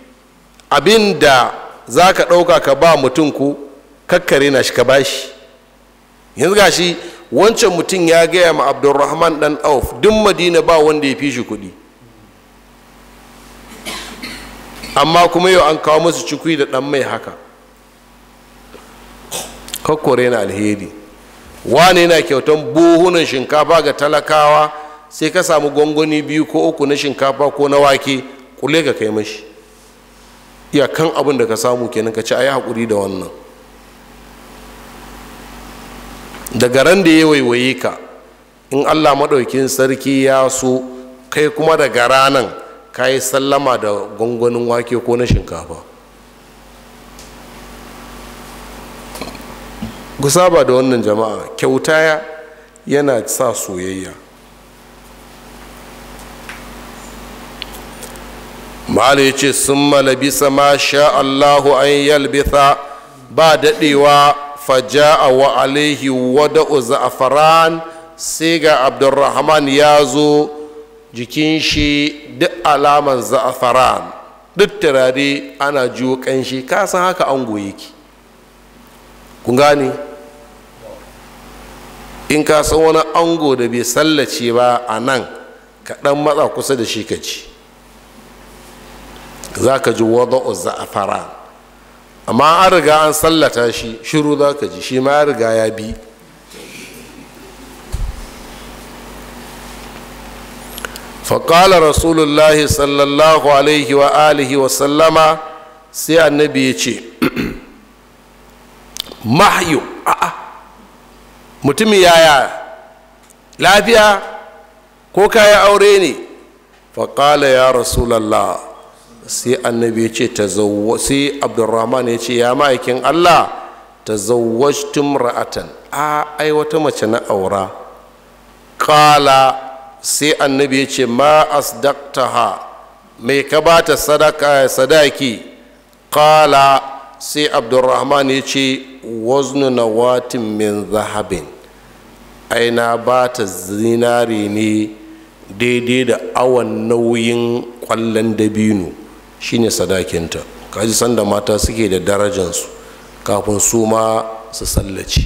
abin da za ka ɗauka ka ba mutum ku kakkare na shi ka bashi yanzu ga shi wancan mutum ya gaya ma abdulrahman dan auf duk madina ba wanda ya fi shi kuɗi amma kuma yau an kawo musu cikui da ɗan mai haka kakkore na alheri wane yana kyautan buhunan shinkafa ga talakawa sai ka samu gwangwani biyu ko uku na shinkafa ko na wake kule ka kai mashi iyakan abin da ka samu kenan ka ci a yi haƙuri da wannan daga ran da ya waiwaye ka in allah maɗaukin sarki ya so kai kuma daga ranan ka yi sallama da gwangwanin wake ko na shinkafa ku ba da wannan jama'a kyauta yana sa soyayya ma'ala ya ce sun malabi sama sha allahu an yalbitha ba daɗewa faja a wa alaihi wada za'afaran sai ga abdurrahman ya zo jikin shi duk alaman za'afaran duk turare ana jiwo ƙanshi ka san haka an goye ki in ka san wani ango da bai sallace ba a nan ka ɗan matsa kusa da shi ka ci za ka ji a fara amma an riga an sallata shi shiru za ka ji shi ma ya riga ya bi faƙalar rasulullahi sallallahu alaihi wa alihi wa sallama sai annabi ya ce mahyu a'a mutumin yaya lafiya ko kayi aure ne faƙala ya rasulallah sai annabi ce ta zauwa sai abdurrahman ya ce ya ma'aikin allah ta tun ra'atan a ai wata mace na aura ƙala sai annabi ya ce ma daktaha mai ka ba ta sadaki ƙala sai abdurrahman ya ce na watin min zahabin aina ba ta zinari ne daidai da awon nauyin kwallon dabino shine sadakinta kaji sanda mata suke da darajansu kafin su ma su sallaci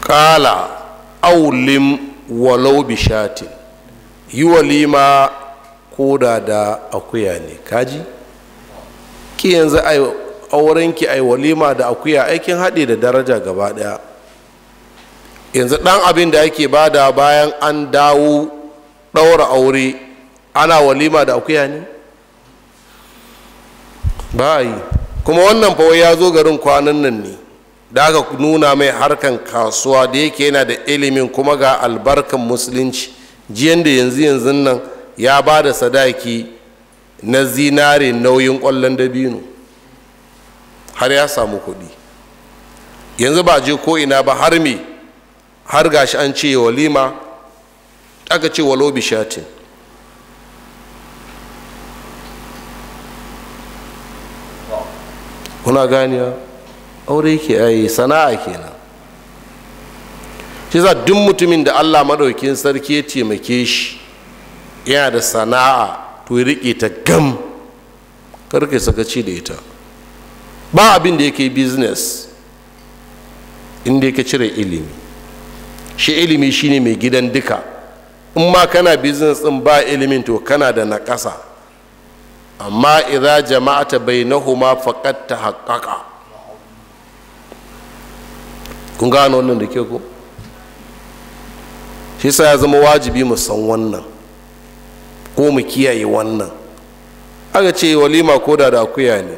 Kala aulim walau bishatin yi walima koda da akuya ne kaji ki yanzu aurenki ai walima da akuya aikin haɗe da daraja gaba ɗaya yanzu ɗan abin da yake bada bayan an dawo ɗaura aure ana walima da akuya ne ba yi kuma wannan fawai ya zo garin kwanan nan ne da aka nuna mai harkan kasuwa da yake yana da ilimin kuma ga albarkan musulunci jiyan da yanzu yanzu nan ya ba da sadaki na zinare nauyin kwallon dabino har ya samu kuɗi yanzu ba je ko ina ba har me har gashi an ce walima aka ce walau bishatin kuna ganiya aure ke ayi sana'a kenan shi za duk mutumin da allah maɗaukin sarki ya taimake shi yana da sana'a to ya riƙe ta gam karka ci da ita ba abin da yake business inda yake cire ilimi shi ilimi shine mai gidan duka in ma kana business din ba ilimin to kana da naƙasa amma idza jama'ata faƙat ta haƙaƙa kun gano wannan da ke ko shi sa ya zama wajibi mu san wannan ko mu kiyaye wannan aka ce walima ko da da akuya ne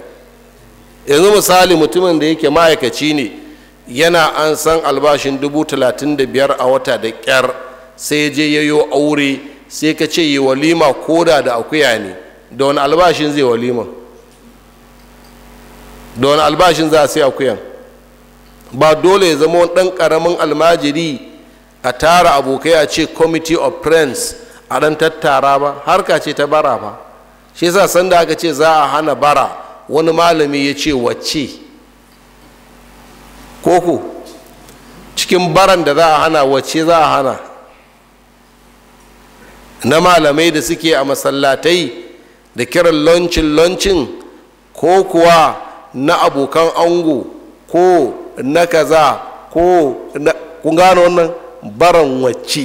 yanzu misali mutumin da yake ma'aikaci ne yana an san albashin dubu talatin da biyar a wata da ƙyar sai ya je yayo aure sai ka ce yi walima koda da akuya ne da wani albashin zai walima da wani albashin za a sai akuyan ba dole ya zama ɗan ƙaramin almajiri a tara abokai a ce committee of friends a ɗan tattara ba harka ce ta bara ba shi yasa sanda aka ce za a hana bara wani malami ya ce wacce ko ku cikin baran da za a hana wacce za a hana na malamai da suke a masallatai da kiran launcin launcin ko kuwa na abokan ango ko na kaza ko na kun gane wannan baran wacce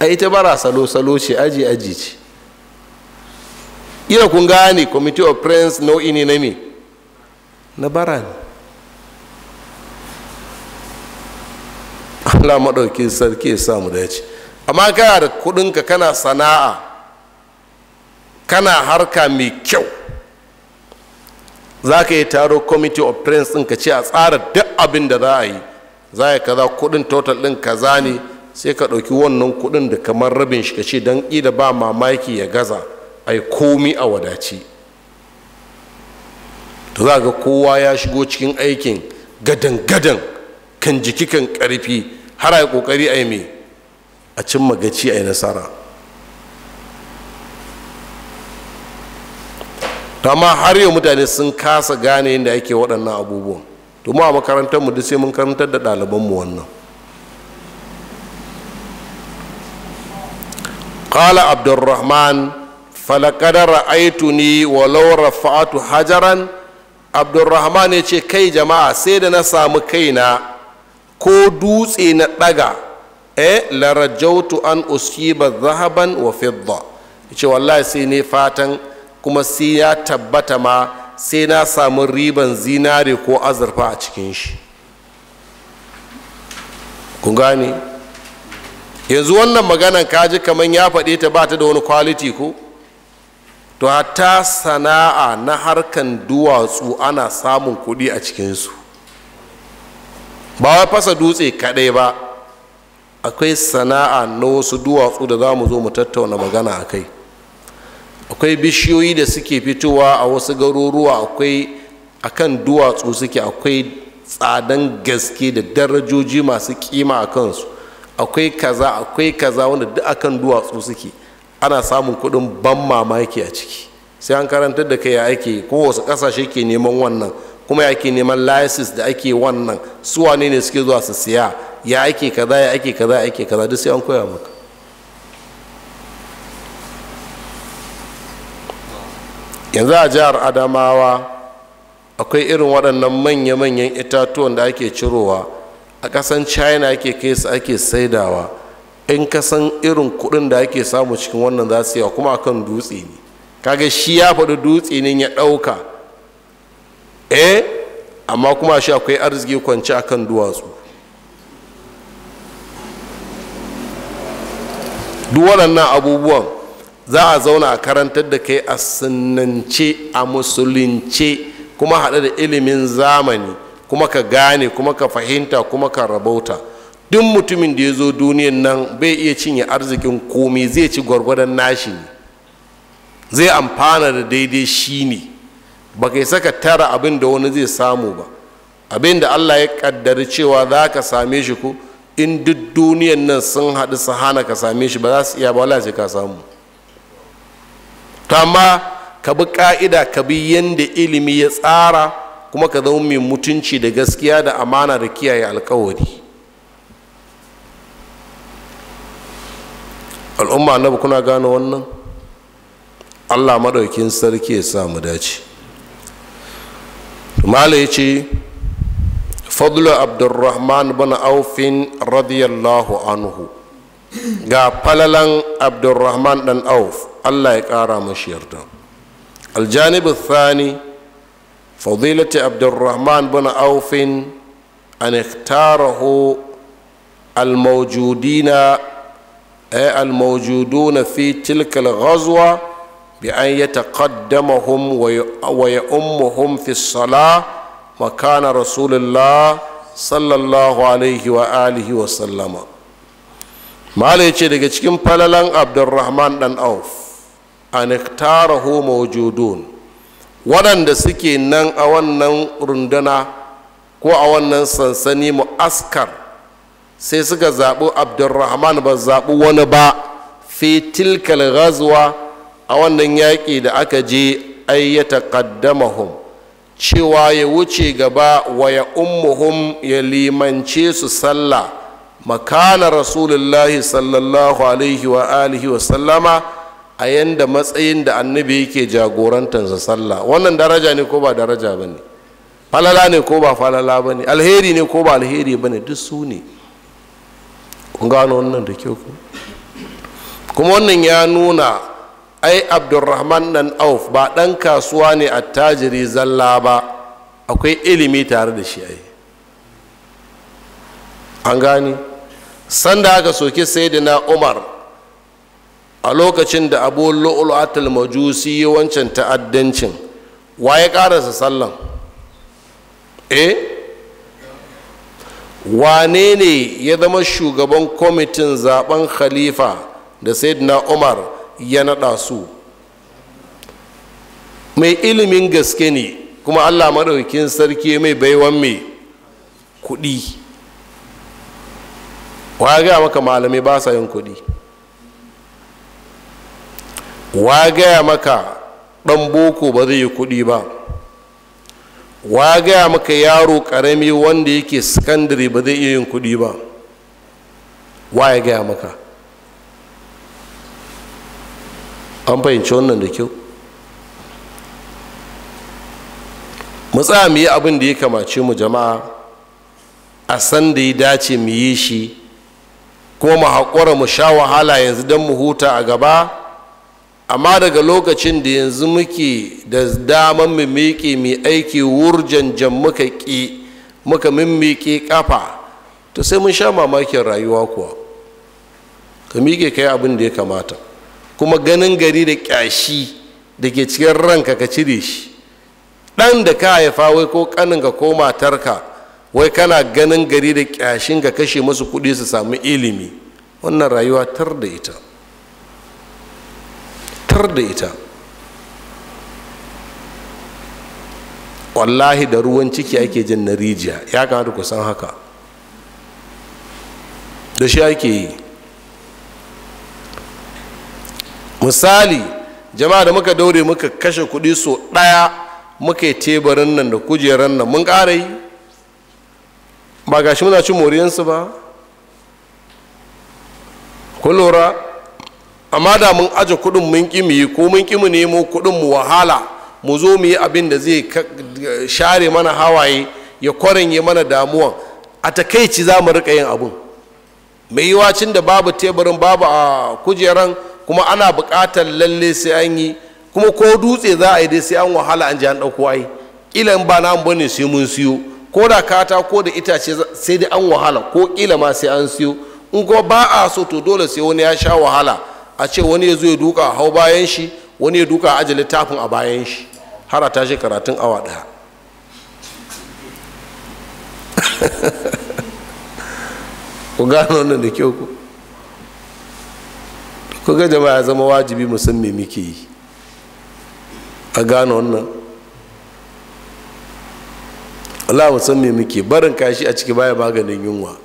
a ita bara salo-salo ce aji-aji ce Ina kun gane committee of friends nau'i ne na me na bara ne allah maɗauki sarki ya samu dace amma kana da kuɗinka kana sana'a kana harka mai kyau za ka yi taro committee of prince ɗin ka ce a tsara duk abin da za a yi za a yi kaza kuɗin total ɗin kaza ne sai ka ɗauki wannan kuɗin da kamar rabin shi ka ce don ƙila ba mamaki ya gaza a yi komi a wadaci to za ga kowa ya shigo cikin aikin gadan-gadan kan jiki kan ƙarfi har a yi kokari a yi mai a cimma gaci a yi nasara amma har yau mutane sun kasa gane yadda ake waɗannan abubuwan to mu a makarantar mu duk sai mun karantar da ɗaliban mu wannan qala abdurrahman falaqad ra'aytuni walau rafa'tu hajaran abdurrahman yace kai jama'a sai da na samu kaina ko dutse na ɗaga eh larajautu an usiba zahaban wa fidda ce wallahi sai ne fatan kuma sai ya tabbata ma sai na samu riban zinare ko azurfa a cikin shi ku gane yanzu wannan maganan kaji kamar ya faɗe ta ba ta da wani kwaliti ko to hatta sana'a na harkan duwatsu ana samun kuɗi a cikinsu ba wai fasa dutse kadai ba akwai sana'a na wasu duwatsu da za mu zo mu tattauna magana a kai akwai bishiyoyi da suke fitowa a wasu garuruwa akwai a kan duwatsu suke akwai tsadan gaske da darajoji masu kima a kansu akwai kaza akwai kaza wanda duk akan duwatsu suke ana samun kuɗin ban mamaki a ciki sai an karantar da kai ya ake ko wasu ƙasashe ke neman wannan kuma ya ke neman lasis da ake wannan su wane ne suke zuwa su siya ya ake kaza ya ake kaza ya ake kaza duk sai an koya maka yanzu a jihar adamawa akwai irin waɗannan manya-manyan itatuwan da ake cirowa a ƙasan china ake kai su ake saidawa in ka san irin kuɗin da ake samu cikin wannan za su yawa kuma akan dutse ne kaga shi ya faɗi dutse ne ya ɗauka eh amma kuma shi akwai arziki kwanci akan duwatsu duk waɗannan abubuwan za a zauna a karantar da kai a sinance a musulunce kuma haɗe da ilimin zamani kuma ka gane kuma ka fahimta kuma ka rabauta duk mutumin da ya zo duniyan nan bai iya cinye arzikin komai zai ci gwargwadon nashi ne zai amfana da daidai shi ne ba yi saka tara abin da wani zai samu ba abin da allah ya kaddari cewa za ka same shi ko in duk duniyan nan sun haɗu su hana ka same shi ba za su iya ba wala sai ka samu to ka bi ka'ida ka bi yadda ilimi ya tsara kuma ka zama mai mutunci da gaskiya da amana da kiyaye alkawari al'umma na bukuna gano wannan allah maɗaukin sarki ya samu dace mala ya ce fadlu abdurrahman bin aufin radiyallahu anhu ga falalan abdurrahman dan auf allah ya kara mashi yarda aljanibin thani fadilati abdurrahman bin aufin an iktarahu الموجودين الموجودون في تلك الغزوه bi an yataqaddamahum wa ya'ummuhum fi salah makana rasulullah sallallahu alaihi wa alihi wa sallama mala ya ce daga cikin falalan abdurrahman dan auf an iktarahu mawjudun waɗanda suke nan a wannan runduna ko a wannan sansani mu'askar sai suka zaɓi abdurrahman ba zaɓi wani ba fi tilkal ghazwa a wannan yaƙi da aka je ai ya taqaddamahum cewa ya wuce gaba wa ya ummuhum ya limance su sallah makana rasulullahi sallallahu alaihi wa alihi wa sallama a yanda matsayin da annabi yake sa sallah wannan daraja ne ko ba daraja bane falala ne ko ba falala bane alheri ne ko ba alheri bane duk su ne kun gano wannan da kyau kuma wannan ya nuna ai Abdulrahman nan auf ba ɗan kasuwa ne a tajiri zalla ba akwai ilimi tare da shi ai an gani sanda aka soki sayyidina umar a lokacin da abu su majusi wancan ta'addancin wa ya karasa sallan eh wane ne ya zama shugaban kwamitin zaben khalifa da sayyidina umar ya naɗa su mai ilimin gaske ne kuma allah maɗaukin sarki mai baiwan mai kuɗi wa gaya maka malamai ba sa yin kuɗi wa gaya maka ɗan boko ba zai yi kuɗi ba wa gaya maka yaro ƙarami wanda yake sakandare ba zai iya yin kuɗi ba ya gaya maka an fahimci wannan da kyau mu tsaya mu yi abin da ya kamace mu jama'a a san da ya dace mu yi shi kuma mu haƙura mu sha wahala yanzu don mu huta a gaba amma daga lokacin da yanzu muke da daman mu miƙe mu aiki wurjan jan muka ƙi muka mimmiƙe ƙafa to sai mun sha mamakin rayuwa kuwa ka miƙe kai abin da ya kamata kuma ganin gari da ƙyashi da ke cikin ranka ka cire shi ɗan da ka haifa wai ko ƙaninka ko matarka wai kana ganin gari da kyashin ka kashe masu kuɗi su samu ilimi wannan rayuwa tar da ita tar da ita wallahi da ruwan ciki ake jin na rijiya ya kamata ku san haka da shi ake yi misali jama'a da muka daure muka kashe kuɗi so ɗaya muka yi tebarin nan da kujerar nan mun ƙara yi ba ga shi muna cin moriyansu ba ku lura amma da mun aje kuɗin mun ƙi mu yi ko mun ƙi mu nemo kuɗin mu wahala mu zo mu yi abin da zai share mana hawaye ya yi mana damuwa a takaici za mu riƙa yin abin mai yiwacin da babu teburin babu a ah, kujeran kuma ana buƙatar lalle sai an yi kuma ko dutse za a yi dai sai an wahala an ji an ɗauko ai ƙila ba na bane sai mun siyo ko da kata ko da itace sai dai an wahala ko ƙila ma sai an siyo in kuma ba a so to dole sai wani ya sha wahala a ce wani ya zo ya duka hau bayan shi wani ya duka aje littafin a bayan shi har a tashi karatun awa ɗaya ku gano wannan da kyau ku kuka jama'a ya zama wajibi musamman muke yi a gane wannan Allah musamman muke barin kashi a ciki baya maganin yunwa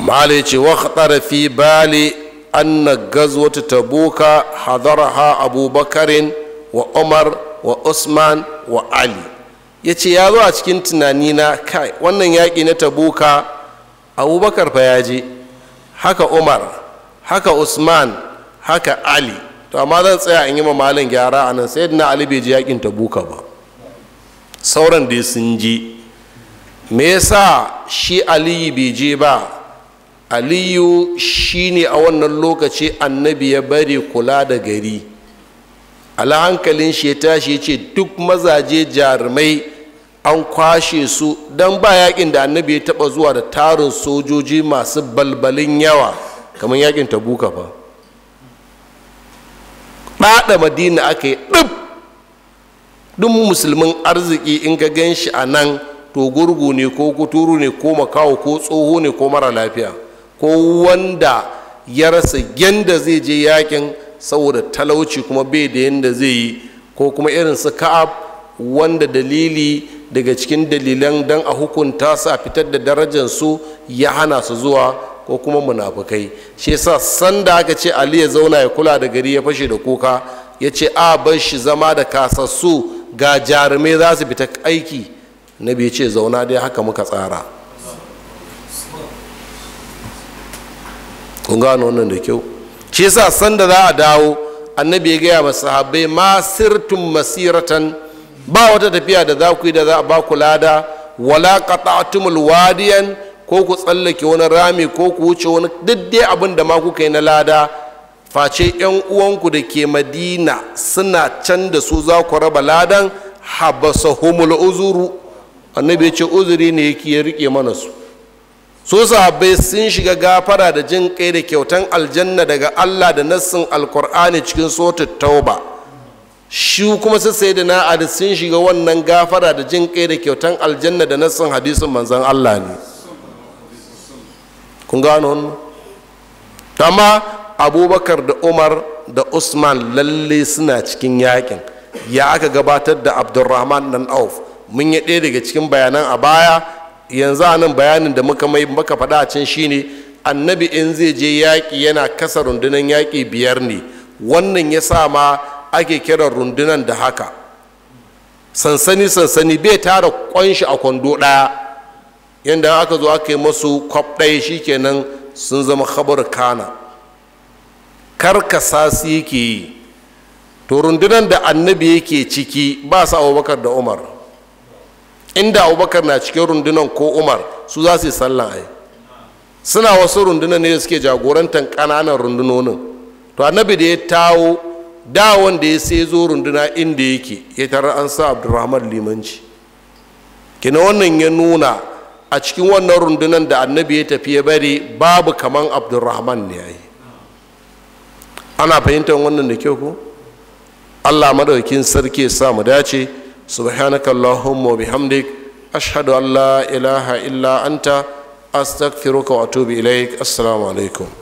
mahala ce wa fi bali anna gazwatu tabuka hadaraha abubakarin wa umar wa usman wa ali ya ce ya zo a cikin tunanina kai wannan yaƙi na tabuka abubakar fa ya je haka umar haka usman haka ali to amma zan tsaya in yi ma malin gyara a nan sai na ali bai ji yakin buka ba sauran dai sun ji me yasa shi aliyu bai je ba aliyu shine a wannan lokaci annabi ya bari kula da gari ala hankalin shi ya tashi ya ce duk mazaje jarumai an kwashe su don ba yakin da annabi ya taba zuwa da tarin sojoji masu balbalin yawa kamar yakin tabuka fa ɗaɗa madina aka yi ɗub duk musulmin arziki in ka gan shi a nan to gurgu ne ko kuturu ne ko makawo ko tsoho ne ko mara lafiya ko wanda ya rasa yadda zai je yakin saboda talauci kuma bai da yadda zai yi ko kuma irin su ka'ab wanda dalili daga cikin dalilan don a hukunta su a fitar da darajar su ya hana su zuwa ko kuma munafukai shi yasa sanda aka ce ali ya zauna ya kula da gari ya fashe da kuka ya ce a bar shi zama da kasassu ga jarumai za su fita aiki na ya ce zauna dai haka muka tsara kun gano wannan da kyau shi yasa sanda za a dawo annabi ya gaya masahabai masirtun masiratan ba wata tafiya da za ku yi da za a ba ku lada wala qata'tumul wadiyan ko ku tsallake wani rami ko ku wuce wani duk dai abin da ma kuka yi na lada face yan uwanku da ke madina suna can da su za ku raba ladan habasahumul uzuru annabi ya ce uzuri ne yake ya rike mana su su sahabbai sun shiga gafara da jin kai da kyautan aljanna daga Allah da nassin alkur'ani cikin sotar tauba shi kuma su sai da na'ad sun shiga wannan gafara da jin kai da kyautan aljanna da nassin hadisin manzan Allah ne kun gano wannan amma abubakar da umar da usman lalle suna cikin yakin ya aka gabatar da abdulrahman dan auf mun yi ɗaya daga cikin bayanan a baya yanzu a nan bayanin da muka mai maka faɗa a can shine annabi in zai je yaƙi yana kasa rundunar yaƙi biyar ne wannan ya sa ma ake kiran rundunan da haka sansani sansani bai tara kwanshi a kwando ɗaya yadda aka zo aka yi masu kwab ɗaya shikenan sun zama khabar kana karkasa su yake yi to rundunan da annabi yake ciki ba su abubakar da umar inda abubakar na cikin rundunan ko umar su za su yi sallan ai suna wasu rundunan ne suke jagorantar ƙananan rundunonin to annabi da ya tawo da wanda ya sai zo runduna inda yake ya tara an sa abdurrahman limanci kina wannan ya nuna a cikin wannan rundunan da annabi ya tafi ya bari babu kaman abdurrahman ne yayi ana fahimtar wannan da kyau ko allah madaukin sarki ya sa mu dace subhanakallahumma bihamdik ashhadu an la ilaha illa anta astaghfiruka wa atubu ilaik assalamu alaikum